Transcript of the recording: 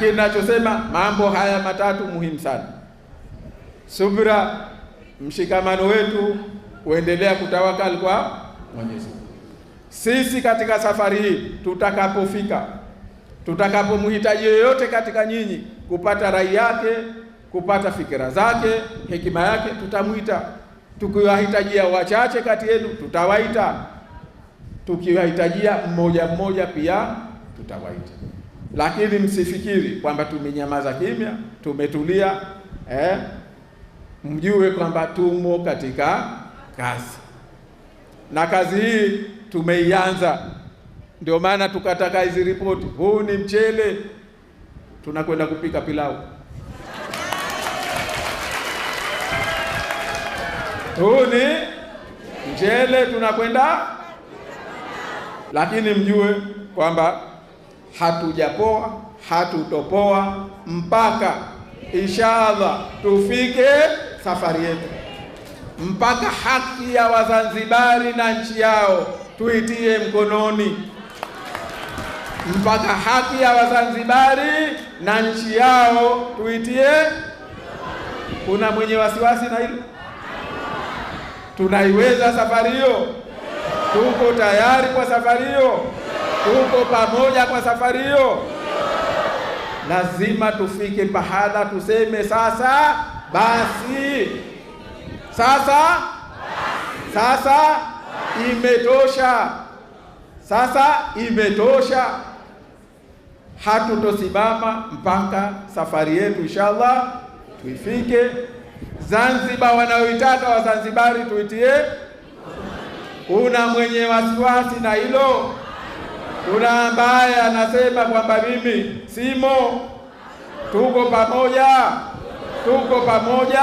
kinachosema mambo haya matatu muhimu sana: subira, mshikamano wetu uendelea kutawakal kwa Mwenyezi Mungu. Sisi katika safari hii tutakapofika, tutakapomhitaji yoyote katika nyinyi kupata rai yake, kupata fikira zake, hekima yake, tutamwita. Tukiwahitajia wachache kati yenu, tutawaita. Tukiwahitajia mmoja mmoja, pia tutawaita lakini msifikiri kwamba tumenyamaza kimya, tumetulia eh, mjue kwamba tumo katika kazi, na kazi hii tumeianza. Ndio maana tukataka hizi ripoti. Huu ni mchele, tunakwenda kupika pilau. Huu ni mchele, tunakwenda lakini mjue kwamba hatujapoa hatutopoa mpaka inshaallah tufike safari yetu, mpaka haki ya Wazanzibari na nchi yao tuitie mkononi, mpaka haki ya Wazanzibari na nchi yao tuitie. Kuna mwenye wasiwasi na hilo? Tunaiweza safari hiyo, tuko tayari kwa safari hiyo. Tuko pamoja kwa safari hiyo? Lazima tufike pahala tuseme sasa basi, sasa sasa imetosha, sasa imetosha. Hatutosimama mpaka safari yetu inshallah tuifike Zanzibar wanaoitaka Wazanzibari tuitie. Kuna mwenye wasiwasi na hilo? Kuna ambaye anasema kwamba mimi simo, tuko pamoja, tuko pamoja.